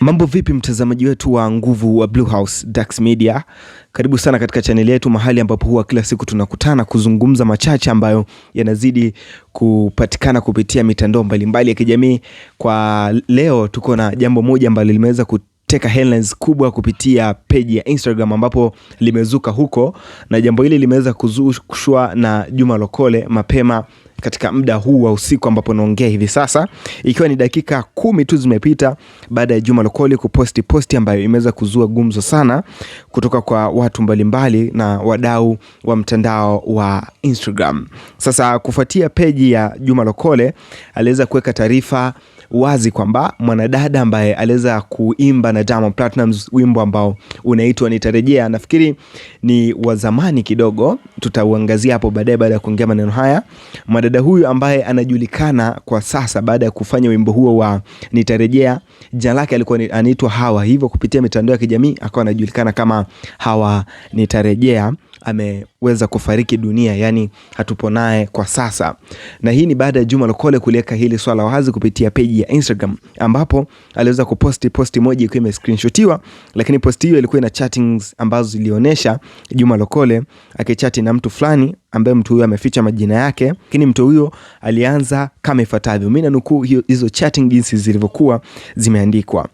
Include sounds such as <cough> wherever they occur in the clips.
Mambo vipi mtazamaji wetu wa nguvu wa Blue House Dax Media, karibu sana katika chaneli yetu, mahali ambapo huwa kila siku tunakutana kuzungumza machache ambayo yanazidi kupatikana kupitia mitandao mbalimbali ya kijamii. Kwa leo tuko na jambo moja ambalo limeweza teka headlines kubwa kupitia peji ya Instagram ambapo limezuka huko, na jambo hili limeweza kuzushwa na Juma Lokole mapema katika muda huu wa usiku ambapo naongea hivi sasa, ikiwa ni dakika kumi tu zimepita baada ya Juma Lokole kuposti posti ambayo imeweza kuzua gumzo sana kutoka kwa watu mbalimbali na wadau wa mtandao wa Instagram. Sasa kufuatia peji ya Juma Lokole aliweza kuweka taarifa wazi kwamba mwanadada ambaye aliweza kuimba na Diamond Platnumz wimbo ambao unaitwa Nitarejea, nafikiri ni wa zamani kidogo, tutauangazia hapo baadaye baada ya kuongea maneno haya. Mwanadada huyu ambaye anajulikana kwa sasa baada ya kufanya wimbo huo wa Nitarejea, jina lake alikuwa anaitwa Hawa, hivyo kupitia mitandao ya kijamii akawa anajulikana kama Hawa Nitarejea ameweza kufariki dunia, yani hatupo naye kwa sasa, na hii ni baada ya Juma Lokole kuliweka hili swala wazi kupitia peji ya Instagram ambapo aliweza kuposti posti moja ikiwa imescreenshotiwa, lakini posti hiyo ilikuwa ina chattings ambazo zilionyesha Juma Lokole akichati na mtu fulani ambaye mtu huyo ameficha majina yake, lakini mtu huyo alianza kama ifuatavyo. Mimi nanukuu hizo chatting jinsi zilivyokuwa zimeandikwa.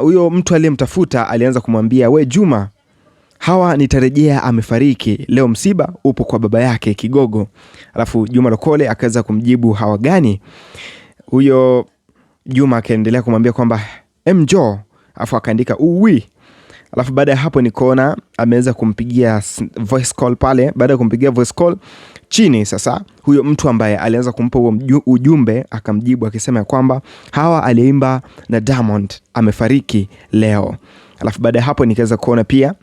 Huyo mtu aliyemtafuta alianza kumwambia we Juma, Hawa nitarejea amefariki leo, msiba upo kwa baba yake Kigogo. Alafu Juma Lokole akaweza kumjibu hawa gani? huyo Juma akaendelea kumwambia kwamba mjo, afu akaandika uwi. Alafu baada ya hapo nikaona ameweza kumpigia voice call pale. Baada ya kumpigia voice call chini, sasa huyo mtu ambaye alianza kumpa huo ujumbe akamjibu akisema ya kwamba Hawa aliyeimba na Diamond amefariki leo. Alafu baada ya hapo nikaweza kuona pia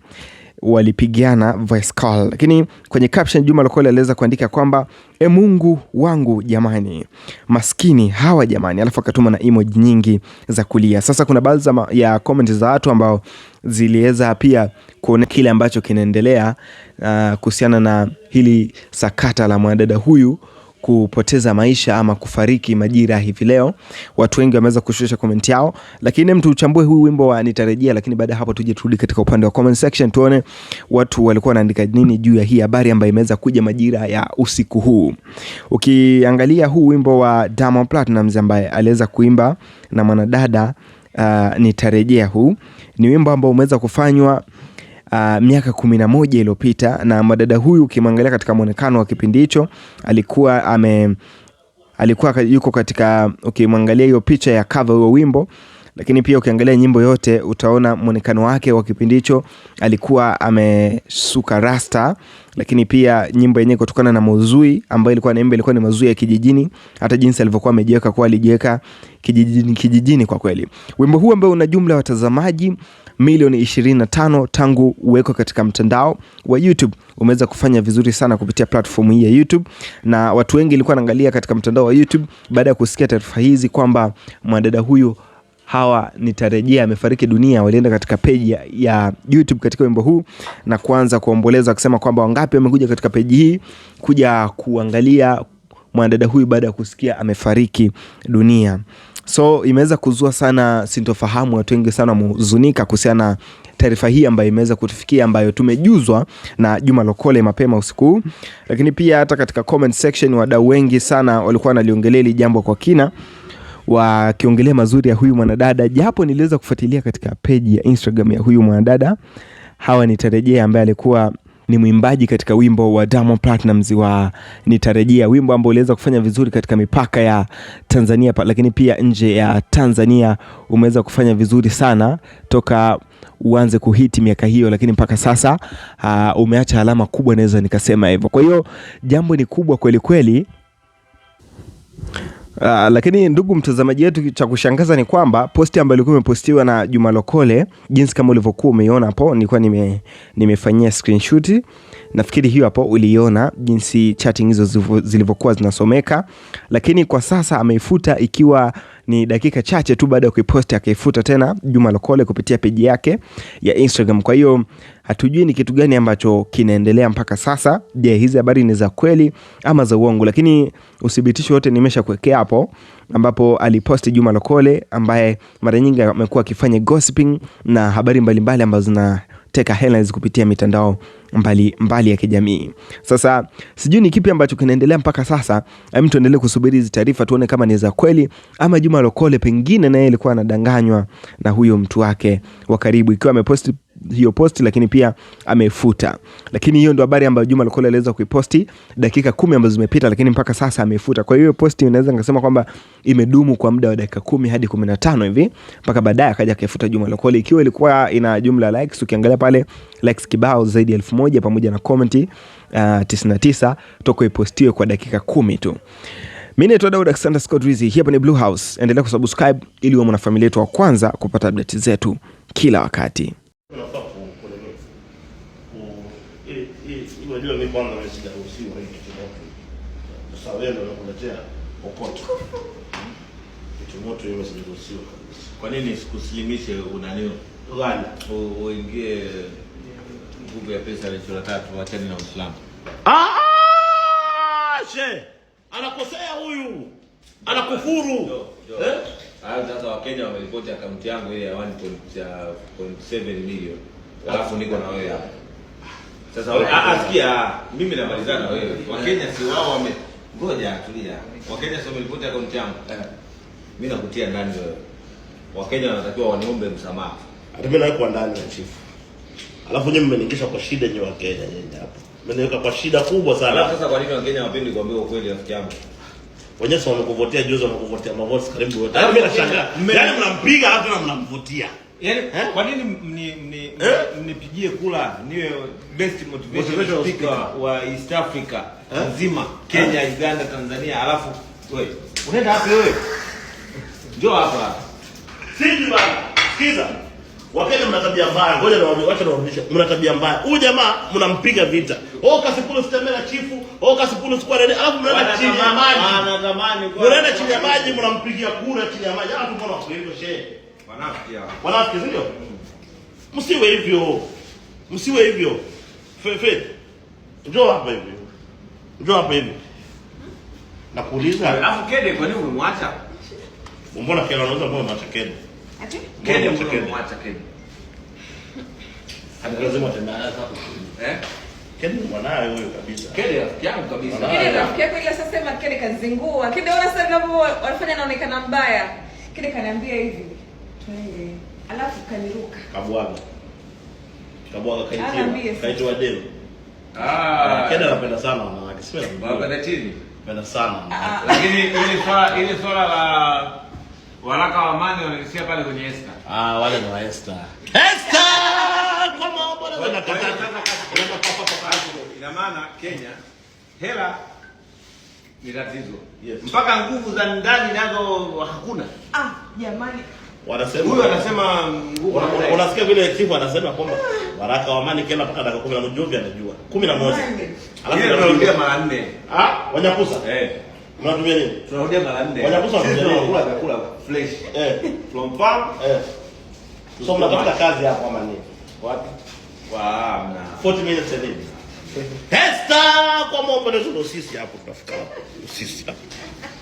walipigana voice call, lakini kwenye caption Juma Lokole aliweza kuandika kwamba e, Mungu wangu jamani, maskini hawa jamani, alafu akatuma na emoji nyingi za kulia. Sasa kuna baadhi ya comment za watu ambao ziliweza pia kuona kile ambacho kinaendelea uh, kuhusiana na hili sakata la mwanadada huyu kupoteza maisha ama kufariki majira hivi leo. Watu wengi wameweza kushusha comment yao, lakini mtu uchambue huu wimbo wa Nitarejea, lakini baada hapo tuje turudi katika upande wa comment section tuone watu walikuwa wanaandika nini juu ya hii habari ambayo imeweza kuja majira ya usiku huu. Ukiangalia huu wimbo wa Diamond Platnumz ambaye aliweza kuimba na mwanadada uh, Nitarejea, huu ni wimbo ambao umeweza kufanywa uh, miaka kumi na moja iliyopita, na madada huyu ukimwangalia katika mwonekano wa kipindi hicho alikuwa ame alikuwa yuko katika ukimwangalia, okay, hiyo picha ya kava huyo wimbo lakini pia ukiangalia nyimbo yote utaona mwonekano wake wa kipindi hicho alikuwa amesuka rasta, lakini pia nyimbo yenyewe kutokana na mauzui ambayo ilikuwa naimba ilikuwa ni mauzui ya kijijini, hata jinsi alivyokuwa amejiweka kuwa alijiweka kijijini, kijijini kwa kweli. Wimbo huu ambao una jumla ya watazamaji milioni 25 tangu uwekwe katika mtandao wa YouTube umeweza kufanya vizuri sana kupitia platform hii ya YouTube, na watu wengi ilikuwa wanaangalia katika mtandao wa YouTube baada ya kusikia taarifa hizi kwamba mwanadada huyu hawa nitarejea amefariki dunia, walienda katika peji ya, ya YouTube katika wimbo huu na kuanza kuomboleza wakisema kwamba wangapi wamekuja katika peji hii kuja kuangalia mwanadada huyu baada ya kusikia amefariki dunia. So imeweza kuzua sana sintofahamu, watu wengi sana wamehuzunika kuhusiana na taarifa hii ambayo imeweza kutufikia, ambayo tumejuzwa na Juma Lokole mapema usiku lakini pia hata katika comment section wadau wengi sana walikuwa wanaliongelea hili jambo kwa kina wakiongelea mazuri ya huyu mwanadada, japo niliweza kufuatilia katika peji ya Instagram ya huyu mwanadada. Hawa nitarejea, ambaye alikuwa ni mwimbaji katika wimbo wa Diamond Platnumz wa Nitarejea, wimbo ambao uliweza kufanya vizuri katika mipaka ya Tanzania, lakini pia nje ya Tanzania umeweza kufanya vizuri sana toka uanze kuhiti miaka hiyo, lakini mpaka sasa uh, umeacha alama kubwa, naweza nikasema hivyo. Kwa hiyo jambo ni kubwa kweli kweli. Uh, lakini ndugu mtazamaji wetu, cha kushangaza ni kwamba posti ambayo ilikuwa imepostiwa na Juma Lokole, jinsi kama ulivyokuwa umeiona hapo, nilikuwa nime, nimefanyia screenshot Nafikiri hiyo hapo uliona jinsi chatting hizo zilivyokuwa zinasomeka, lakini kwa sasa ameifuta ikiwa ni dakika chache tu baada ya kuiposti akaifuta tena Juma Lokole kupitia peji yake ya Instagram. Kwa hiyo hatujui ni kitu gani ambacho kinaendelea mpaka sasa. Je, hizi habari ni za kweli ama za uongo? Lakini uthibitisho wote nimeshakuwekea hapo, ambapo aliposti Juma Lokole ambaye mara nyingi amekuwa akifanya gossiping na habari mbalimbali ambazo zina kuteka headlines kupitia mitandao mbali, mbali ya kijamii. Sasa sijui ni kipi ambacho kinaendelea mpaka sasa. Hem, tuendelee kusubiri hizi taarifa tuone kama ni za kweli ama Juma Lokole pengine naye alikuwa anadanganywa na huyo mtu wake wa karibu, ikiwa ameposti hiyo posti, lakini pia amefuta. Lakini hiyo ndo habari ambayo Juma alikuwa aliweza kuiposti dakika kumi ambazo zimepita, lakini mpaka sasa amefuta. Kwa hiyo posti inaweza nikasema kwamba imedumu kwa muda wa dakika kumi hadi kumi na tano hivi mpaka baadaye akaja akaifuta Juma Lokole, ikiwa ilikuwa ina jumla likes, ukiangalia pale likes kibao zaidi ya elfu moja pamoja na komenti uh, 99 toka ipostiwe kwa dakika kumi tu. Mimi naitwa Daud Alexander Scott Rizzi, hapa ni Blue House. Endelea kusubscribe ili uwe mwanafamilia yetu wa kwanza kupata update zetu kila wakati. Unafaa ah, kukoleleza Kwa nini sikusilimishe? Unanio gani uingie nguvu ya pesa licho tatu? Wachani na Uislamu. She anakosea huyu, anakufuru eh? Hayo sasa Wakenya wameripoti akaunti yangu ile ya 1.7 million. Alafu niko na wewe hapa. Sasa wewe ah, sikia mimi namalizana na wewe. Wakenya si wao wame ngoja tulia. Wakenya sio wameripoti akaunti yangu. Eh. Mimi nakutia ndani wewe. Wakenya wanatakiwa waniombe msamaha. Hata mimi naiko ndani ya chifu. Alafu nyinyi mmeningisha kwa shida nyewe Wakenya nyinyi hapa. Mmeniweka kwa shida kubwa sana. Alafu sasa kwa nini Wakenya wapendi kuambia ukweli rafiki yangu? Wenyewe sio wamekuvotea juzi, wamekuvotea mavotes karibu wote. Mimi yaani yaani nashangaa. Yaani mnampiga hata na mnamvotia. Yaani eh? kwa nini eh? mnipigie kula niwe best motivation speaker wa East Africa eh? nzima, Kenya, Uganda, Tanzania, alafu wewe unaenda wapi wewe? Njoo hapa. Sisi sikiza. Wakati mna tabia mbaya, ngoja na wacha na warudisha. Mna tabia mbaya. Huyu jamaa mnampiga vita. Oh Kasipulu sitamela chifu, oh Kasipulu sikuwa nene. Alafu mnaenda chini ya maji. Ana ah, zamani kwa. Mnaenda chini ya maji mnampigia kura chini ya maji. Alafu ah, mbona wakweli shehe? Wanafiki hao. Wanafiki ndio? Msiwe hivyo. Msiwe hivyo. Fefe. Njoo hapa hivi. Njoo hapa hivi. Nakuuliza. Alafu Kede kwa nini umemwacha? Mbona Kede anaweza mbona umemwacha Kede? Kenya mwacha Kenya. Hadi lazima tena eh? Kenya mwanawe huyo kabisa. Kenya rafiki yangu kabisa. Kenya rafiki yako ile sasa sema Kenya kazingua. Kenya ona sasa ndio wanafanya inaonekana mbaya. Kenya kaniambia hivi. Twende. Alafu kaniruka. Kabwaga. Kabwaga kaitwa. Kaitwa demo. Ah. ah, Kenya anapenda sana wanawake. Sio? Wanapenda chini. Anapenda sana. Ah, ah. Lakini ile swala ile swala la Waraka wa amani wanaishia pale kwenye Esta. Ah, wale ni wa Esta. Esther! Kama bora wanakata. Ina maana Kenya hela ni tatizo. Yes. Mpaka nguvu za ndani nazo hakuna. Ah, jamani. Wanasema huyo anasema nguvu. Unasikia vile chifu anasema kwamba waraka wa amani kila mpaka dakika 10 na Jovi anajua. 11. Alafu anaongea mara 4. Ah, Wanyakusa. Eh. Mnatumia nini? Tunarudia mara nne. Wanapaswa kutumia vyakula vyakula fresh. Eh. From farm. Eh. So mnatafuta kazi hapo ama nini? Wapi? Wa mna. 40 minutes a day. Testa <laughs> kwa mambo na sisi hapo tunafuta wapi? Sisi hapo.